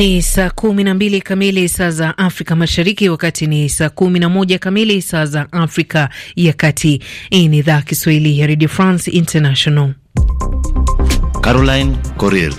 Ni saa kumi na mbili kamili saa za Afrika Mashariki, wakati ni saa kumi na moja kamili saa za Afrika ya Kati. Hii ni idhaa Kiswahili ya Radio France International. Caroline Coril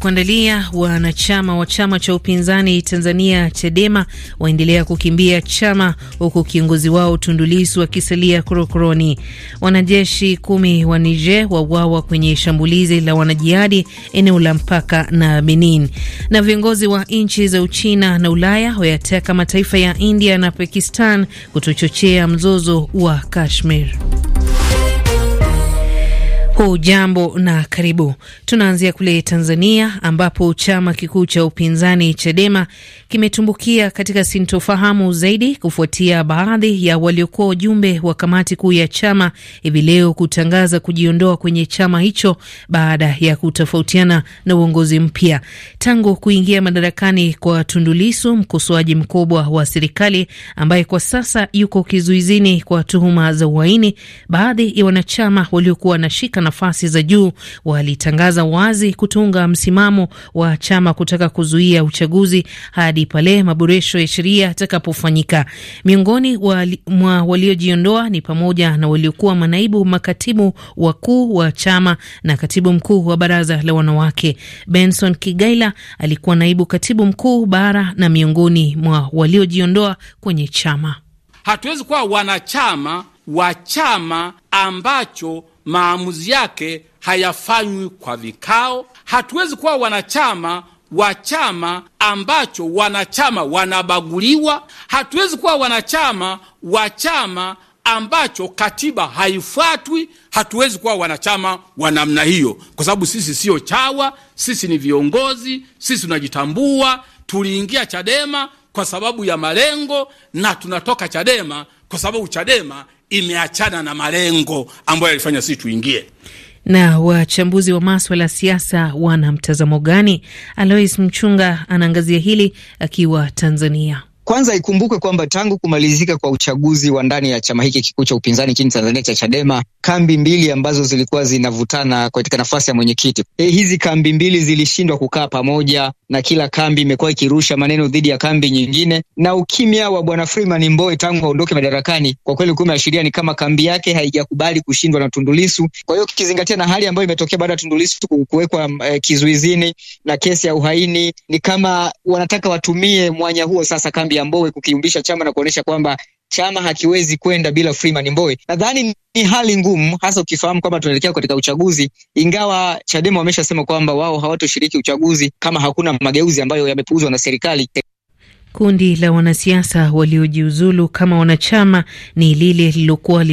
kuandalia wanachama wa chama cha upinzani Tanzania Chadema waendelea kukimbia chama huku kiongozi wao Tundulisu wakisalia akisalia korokoroni. Wanajeshi kumi wa Niger wauawa kwenye shambulizi la wanajihadi eneo la mpaka na Benin. Na viongozi wa nchi za Uchina na Ulaya wayataka mataifa ya India na Pakistan kutochochea mzozo wa Kashmir. Hujambo na karibu. Tunaanzia kule Tanzania ambapo chama kikuu cha upinzani Chadema kimetumbukia katika sintofahamu zaidi kufuatia baadhi ya waliokuwa wajumbe wa kamati kuu ya chama hivi leo kutangaza kujiondoa kwenye chama hicho baada ya kutofautiana na uongozi mpya. Tangu kuingia madarakani kwa Tundu Lissu, mkosoaji mkubwa wa serikali ambaye kwa sasa yuko kizuizini kwa tuhuma za uhaini, baadhi ya wanachama waliokuwa shika nafasi za juu walitangaza wazi kutunga msimamo wa chama kutaka kuzuia uchaguzi hadi pale maboresho ya sheria yatakapofanyika. Miongoni wali, mwa waliojiondoa ni pamoja na waliokuwa manaibu makatibu wakuu wa chama na katibu mkuu wa baraza la wanawake. Benson Kigaila alikuwa naibu katibu mkuu bara na miongoni mwa waliojiondoa kwenye chama. Hatuwezi kuwa wanachama wa chama ambacho maamuzi yake hayafanywi kwa vikao. Hatuwezi kuwa wanachama wa chama ambacho wanachama wanabaguliwa. Hatuwezi kuwa wanachama wa chama ambacho katiba haifuatwi. Hatuwezi kuwa wanachama wa namna hiyo, kwa sababu sisi siyo chawa. Sisi ni viongozi, sisi tunajitambua. Tuliingia Chadema kwa sababu ya malengo na tunatoka Chadema kwa sababu Chadema imeachana na malengo ambayo yalifanya sisi tuingie. Na wachambuzi wa maswala ya siasa wana mtazamo gani? Alois Mchunga anaangazia hili akiwa Tanzania. Kwanza ikumbukwe kwamba tangu kumalizika kwa uchaguzi wa ndani ya chama hiki kikuu cha upinzani nchini Tanzania cha Chadema, kambi mbili ambazo zilikuwa zinavutana katika nafasi ya mwenyekiti e, hizi kambi mbili zilishindwa kukaa pamoja na kila kambi imekuwa ikirusha maneno dhidi ya kambi nyingine, na ukimya wa bwana Freeman Mbowe tangu aondoke madarakani kwa kweli kumeashiria ni kama kambi yake haijakubali kushindwa na Tundulisu. Kwa hiyo kizingatia na hali ambayo imetokea baada ya Tundulisu kuwekwa eh, kizuizini na kesi ya uhaini, ni kama wanataka watumie mwanya huo sasa kambi ya Mbowe kukiumbisha chama na kuonyesha kwamba chama hakiwezi kwenda bila Freeman Mbowe. Nadhani ni hali ngumu, hasa ukifahamu kwamba tunaelekea katika uchaguzi, ingawa Chadema wameshasema kwamba wao hawatoshiriki uchaguzi kama hakuna mageuzi ambayo yamepuuzwa na serikali. Kundi la wanasiasa waliojiuzulu kama wanachama ni lile lililokuwa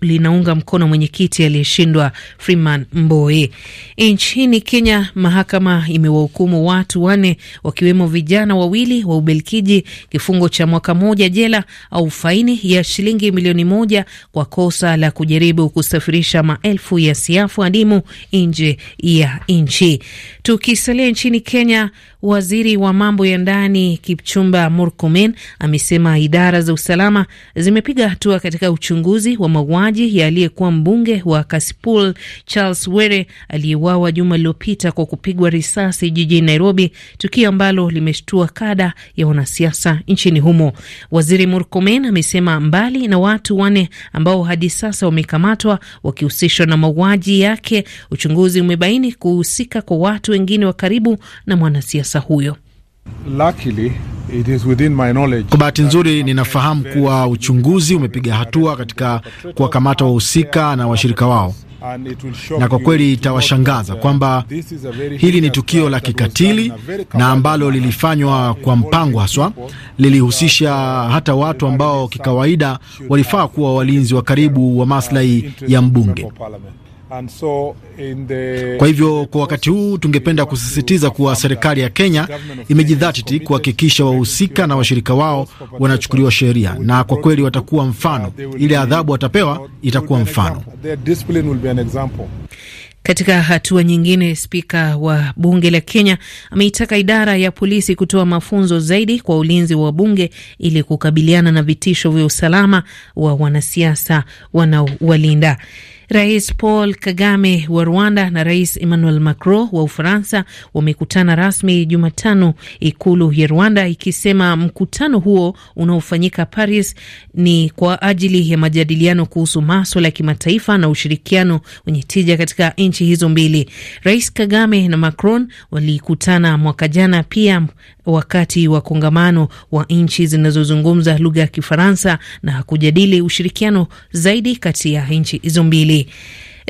linaunga mkono mwenyekiti aliyeshindwa Freeman Mbowe. Nchini Kenya, mahakama imewahukumu watu wanne wakiwemo vijana wawili wa Ubelkiji kifungo cha mwaka moja jela au faini ya shilingi milioni moja kwa kosa la kujaribu kusafirisha maelfu ya siafu adimu nje ya nchi. Tukisalia nchini Kenya, Waziri wa mambo ya ndani Kipchumba Murkomen amesema idara za usalama zimepiga hatua katika uchunguzi wa mauaji ya aliyekuwa mbunge wa Kasipul Charles Were aliyeuawa juma lililopita kwa kupigwa risasi jijini Nairobi, tukio ambalo limeshtua kada ya wanasiasa nchini humo. Waziri Murkomen amesema mbali na watu wanne ambao hadi sasa wamekamatwa wakihusishwa na mauaji yake, uchunguzi umebaini kuhusika kwa watu wengine wa karibu na mwanasiasa mwanasiasa huyo. Luckily, it is within my knowledge. Kwa bahati nzuri ninafahamu kuwa uchunguzi umepiga hatua katika kuwakamata wahusika na washirika wao na kwa kweli itawashangaza kwamba hili ni tukio la kikatili na ambalo lilifanywa kwa mpango haswa. Lilihusisha hata watu ambao kikawaida walifaa kuwa walinzi wa karibu wa maslahi ya mbunge. And so in the... Kwa hivyo kwa wakati huu tungependa kusisitiza kuwa serikali ya Kenya imejidhatiti kuhakikisha wahusika na washirika wao wanachukuliwa sheria, na kwa kweli watakuwa mfano. Ile adhabu watapewa itakuwa mfano. Katika hatua nyingine, spika wa bunge la Kenya ameitaka idara ya polisi kutoa mafunzo zaidi kwa ulinzi wa bunge ili kukabiliana na vitisho vya usalama wa wanasiasa wanaowalinda. Rais Paul Kagame wa Rwanda na Rais Emmanuel Macron wa Ufaransa wamekutana rasmi Jumatano, ikulu ya Rwanda ikisema mkutano huo unaofanyika Paris ni kwa ajili ya majadiliano kuhusu maswala ya kimataifa na ushirikiano wenye tija katika nchi hizo mbili. Rais Kagame na Macron walikutana mwaka jana pia wakati wa kongamano wa nchi zinazozungumza lugha ya Kifaransa na kujadili ushirikiano zaidi kati ya nchi hizo mbili. City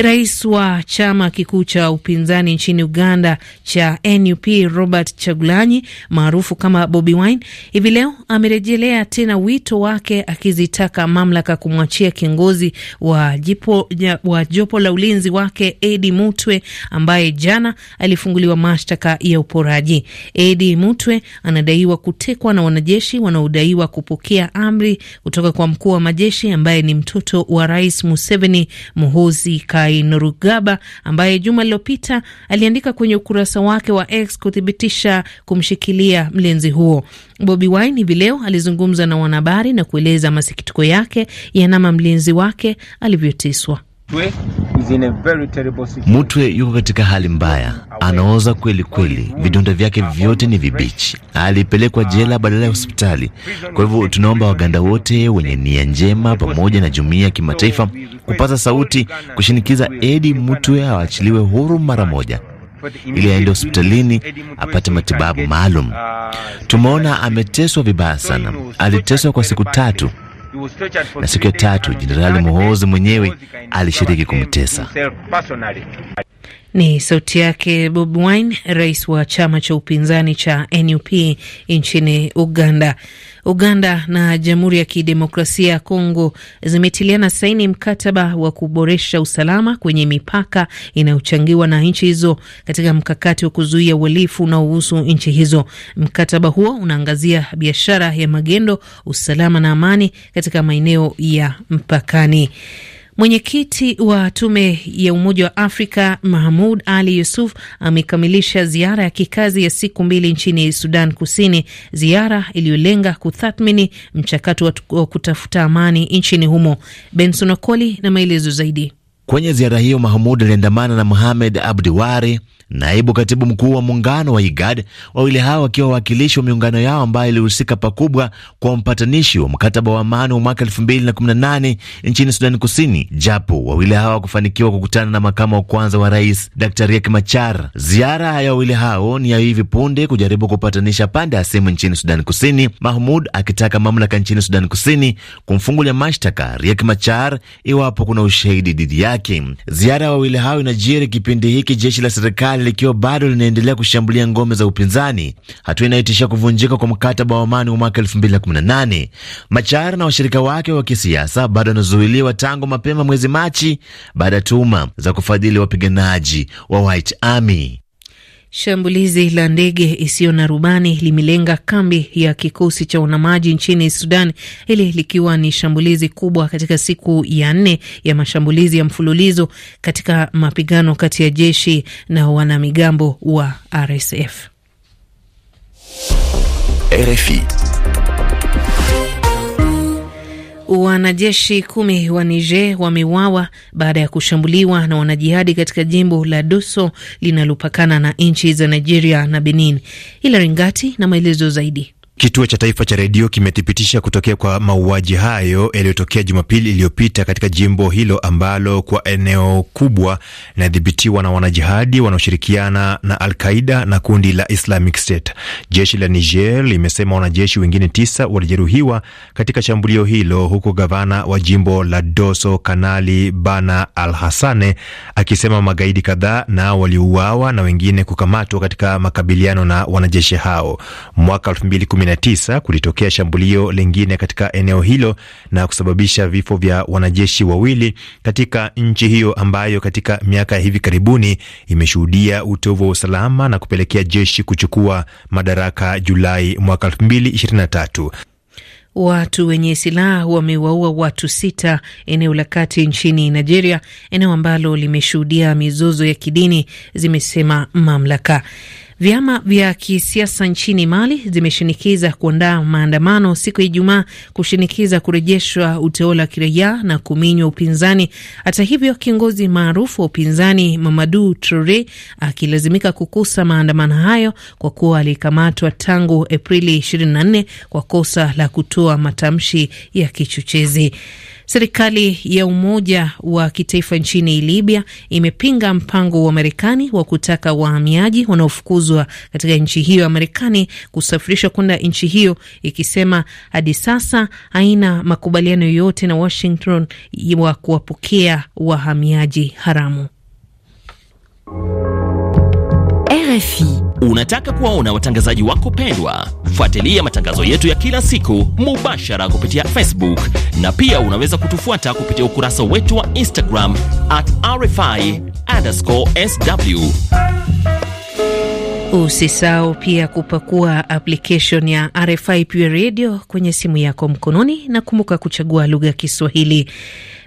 Rais wa chama kikuu cha upinzani nchini Uganda cha NUP Robert Chagulanyi maarufu kama Bobi Wine hivi leo amerejelea tena wito wake akizitaka mamlaka kumwachia kiongozi wa, jipo, wa jopo la ulinzi wake Edi Mutwe ambaye jana alifunguliwa mashtaka ya uporaji. Edi Mutwe anadaiwa kutekwa na wanajeshi wanaodaiwa kupokea amri kutoka kwa mkuu wa majeshi ambaye ni mtoto wa Rais Museveni Muhoozi Kainerugaba norugaba ambaye juma lililopita aliandika kwenye ukurasa wake wa X kuthibitisha kumshikilia mlinzi huo. Bobi Wine hivi leo alizungumza na wanahabari na kueleza masikitiko yake ya namna mlinzi wake alivyotiswa. Mutwe yuko katika hali mbaya, anaoza kweli kweli, vidonda vyake vyote ni vibichi. Alipelekwa jela badala ya hospitali. Kwa hivyo tunaomba Waganda wote wenye nia njema pamoja na jumuiya ya kimataifa kupata sauti, kushinikiza Edi Mutwe awachiliwe huru mara moja ili aende hospitalini apate matibabu maalum. Tumeona ameteswa vibaya sana, aliteswa kwa siku tatu na siku ya tatu Jenerali Muhozi mwenyewe alishiriki kumtesa. Ni sauti yake Bob Wine, rais wa chama cha upinzani cha NUP nchini Uganda. Uganda na Jamhuri ya Kidemokrasia ya Kongo zimetiliana saini mkataba wa kuboresha usalama kwenye mipaka inayochangiwa na nchi hizo katika mkakati wa kuzuia uhalifu unaohusu nchi hizo. Mkataba huo unaangazia biashara ya magendo, usalama na amani katika maeneo ya mpakani. Mwenyekiti wa tume ya Umoja wa Afrika Mahmud Ali Yusuf amekamilisha ziara ya kikazi ya siku mbili nchini Sudan Kusini, ziara iliyolenga kutathmini mchakato wa kutafuta amani nchini humo. Benson Okoli na maelezo zaidi. Kwenye ziara hiyo, Mahmud aliandamana na Mohamed Abdiwari, naibu katibu mkuu wa muungano wa IGAD, wawili hao wakiwa wawakilishi wa miungano yao ambayo ilihusika pakubwa kwa mpatanishi wa mkataba wa amani wa mwaka 2018 nchini Sudani Kusini, japo wawili hao wakufanikiwa kukutana na makamu wa kwanza wa rais d Riek Machar. Ziara ya wawili hao ni ya hivi punde kujaribu kupatanisha pande ya simu nchini Sudani Kusini, Mahmud akitaka mamlaka nchini Sudani Kusini kumfungulia mashtaka Riek Machar iwapo kuna ushahidi dhidi yake yake. Ziara ya wawili hao inajiri kipindi hiki jeshi la serikali likiwa bado linaendelea kushambulia ngome za upinzani, hatua inayoitishia kuvunjika kwa mkataba wa amani wa mwaka 2018. Machar na washirika wake wa kisiasa bado wanazuiliwa tangu mapema mwezi Machi baada ya tuhuma za kufadhili wapiganaji wa White Army. Shambulizi la ndege isiyo na rubani limelenga kambi ya kikosi cha wanamaji nchini Sudan, hili likiwa ni shambulizi kubwa katika siku ya nne ya mashambulizi ya mfululizo katika mapigano kati ya jeshi na wanamigambo wa RSF. RFI. Wanajeshi kumi wa Niger wamewawa baada ya kushambuliwa na wanajihadi katika jimbo la Doso linalopakana na nchi za Nigeria na Benin. Ila Ringati na maelezo zaidi. Kituo cha taifa cha redio kimethibitisha kutokea kwa mauaji hayo yaliyotokea Jumapili iliyopita katika jimbo hilo ambalo kwa eneo kubwa linadhibitiwa na wanajihadi wanaoshirikiana na alqaida na kundi la Islamic State. Jeshi la Niger limesema wanajeshi wengine tisa walijeruhiwa katika shambulio hilo, huku gavana wa jimbo la Doso Kanali Bana al hasane akisema magaidi kadhaa na waliuawa na wengine kukamatwa katika makabiliano na wanajeshi hao mwaka 19 kulitokea shambulio lingine katika eneo hilo na kusababisha vifo vya wanajeshi wawili katika nchi hiyo ambayo katika miaka ya hivi karibuni imeshuhudia utovu wa usalama na kupelekea jeshi kuchukua madaraka Julai mwaka 2023. Watu wenye silaha wamewaua watu sita eneo la kati nchini Nigeria, eneo ambalo limeshuhudia mizozo ya kidini, zimesema mamlaka. Vyama vya kisiasa nchini Mali zimeshinikiza kuandaa maandamano siku ya Ijumaa kushinikiza kurejeshwa utawala wa kiraia na kuminywa upinzani. Hata hivyo, kiongozi maarufu wa upinzani Mamadu Traore akilazimika kukusa maandamano hayo kwa kuwa alikamatwa tangu Aprili 24 kwa kosa la kutoa matamshi ya kichochezi. Serikali ya umoja wa kitaifa nchini Libya imepinga mpango wa Marekani wa kutaka wahamiaji wanaofukuzwa katika nchi hiyo ya Marekani kusafirishwa kwenda nchi hiyo, ikisema hadi sasa haina makubaliano yoyote na Washington wa kuwapokea wahamiaji haramu. RFI Unataka kuwaona watangazaji wako pendwa? Fuatilia matangazo yetu ya kila siku mubashara kupitia Facebook na pia unaweza kutufuata kupitia ukurasa wetu wa Instagram at RFI underscore sw. Usisahau pia kupakua application ya RFI Pure Radio kwenye simu yako mkononi, na kumbuka kuchagua lugha ya Kiswahili.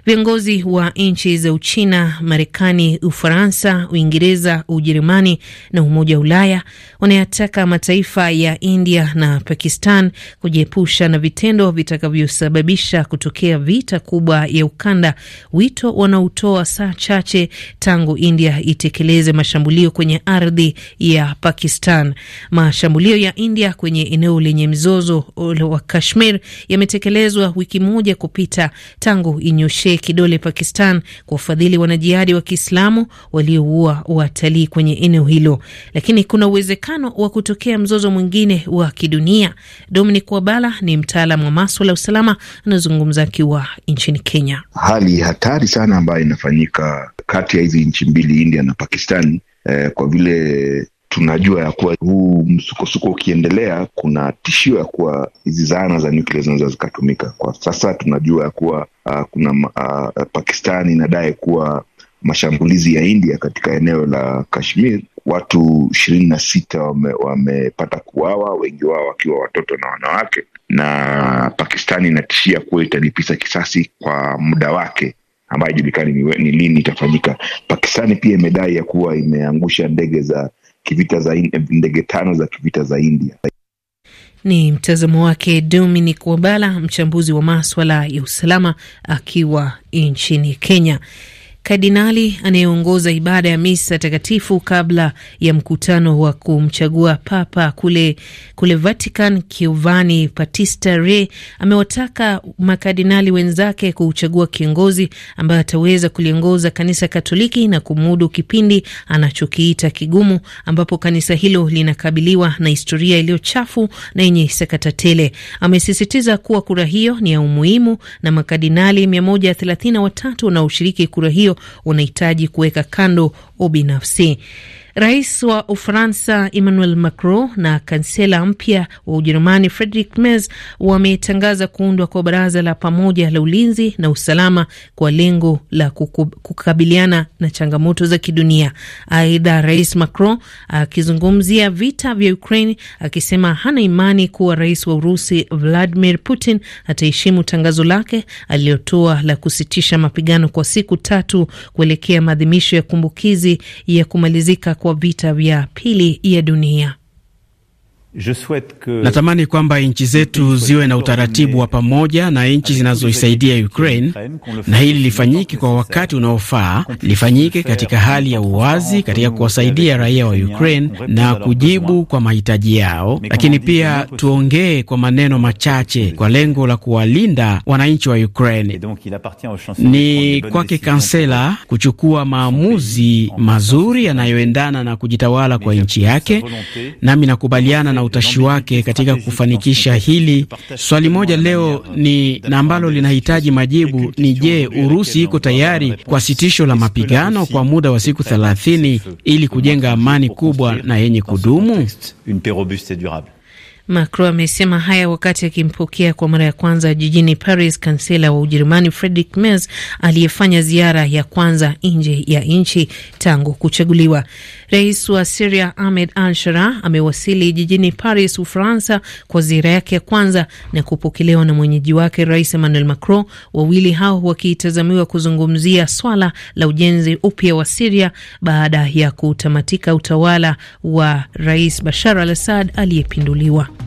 Viongozi wa nchi za Uchina, Marekani, Ufaransa, Uingereza, Ujerumani na Umoja wa Ulaya wanayataka mataifa ya India na Pakistan kujiepusha na vitendo vitakavyosababisha kutokea vita kubwa ya ukanda, wito wanaotoa saa chache tangu India itekeleze mashambulio kwenye ardhi ya Pakistan. Mashambulio ya India kwenye eneo lenye mzozo wa Kashmir yametekelezwa wiki moja kupita tangu inyoshe kipekee kidole Pakistan kwa ufadhili wanajihadi wa Kiislamu walioua watalii kwenye eneo hilo, lakini kuna uwezekano wa kutokea mzozo mwingine wa kidunia. Dominic Wabala ni mtaalamu wa maswala ya usalama, anazungumza akiwa nchini Kenya. Hali hatari sana ambayo inafanyika kati ya hizi nchi mbili, India na Pakistan, eh, kwa vile tunajua ya kuwa huu msukosuko ukiendelea, kuna tishio ya kuwa hizi zana za nyuklia zinaweza zikatumika. Kwa sasa tunajua ya kuwa uh, kuna uh, Pakistan inadai kuwa mashambulizi ya India katika eneo la Kashmir, watu ishirini na sita wamepata wame kuawa, wengi wao wakiwa watoto na wanawake, na Pakistani inatishia kuwa italipisa kisasi kwa muda wake ambayo haijulikani ni lini itafanyika. Pakistani pia imedai ya kuwa imeangusha ndege za kivita za ndege tano za kivita za India. Ni mtazamo wake Dominic Wabala, mchambuzi wa maswala ya usalama akiwa nchini Kenya. Kardinali anayeongoza ibada ya misa takatifu kabla ya mkutano wa kumchagua papa kule, kule Vatican, Giovanni Battista Re amewataka makardinali wenzake kuchagua kiongozi ambaye ataweza kuliongoza kanisa Katoliki na kumudu kipindi anachokiita kigumu, ambapo kanisa hilo linakabiliwa na historia iliyo chafu na yenye sakata tele. Amesisitiza kuwa kura hiyo ni ya umuhimu na makardinali 133 wanaoshiriki kura hiyo unahitaji kuweka kando ubinafsi. Rais wa Ufaransa Emmanuel Macron na kansela mpya wa Ujerumani Friedrich Merz wametangaza kuundwa kwa baraza la pamoja la ulinzi na usalama kwa lengo la kukabiliana na changamoto za kidunia. Aidha, Rais Macron akizungumzia vita vya Ukraine akisema hana imani kuwa rais wa Urusi Vladimir Putin ataheshimu tangazo lake aliyotoa la kusitisha mapigano kwa siku tatu kuelekea maadhimisho ya kumbukizi ya kumalizika kwa vita vya pili ya dunia. Natamani kwamba nchi zetu ziwe na utaratibu wa pamoja na nchi zinazoisaidia Ukraine, na hili lifanyike kwa wakati unaofaa, lifanyike katika hali ya uwazi, katika kuwasaidia raia wa Ukraine na kujibu kwa mahitaji yao, lakini pia tuongee kwa maneno machache kwa lengo la kuwalinda wananchi wa Ukraine. Ni kwake kansela kuchukua maamuzi mazuri yanayoendana na kujitawala kwa nchi yake, nami nakubaliana na na utashi wake katika kufanikisha hili. Swali moja leo ni na ambalo linahitaji majibu ni je, Urusi iko tayari kwa sitisho la mapigano kwa muda wa siku thelathini ili kujenga amani kubwa na yenye kudumu? Macron amesema haya wakati akimpokea kwa mara ya kwanza jijini Paris kansela wa Ujerumani Friedrich Merz aliyefanya ziara ya kwanza nje ya nchi tangu kuchaguliwa. Rais wa Siria Ahmed al amewasili jijini Paris, Ufaransa, kwa ziara yake ya kwanza na kupokelewa na mwenyeji wake Rais Emmanuel Macron, wawili hao wakitazamiwa kuzungumzia swala la ujenzi upya wa Siria baada ya kutamatika utawala wa Rais Bashar al-Assad aliyepinduliwa.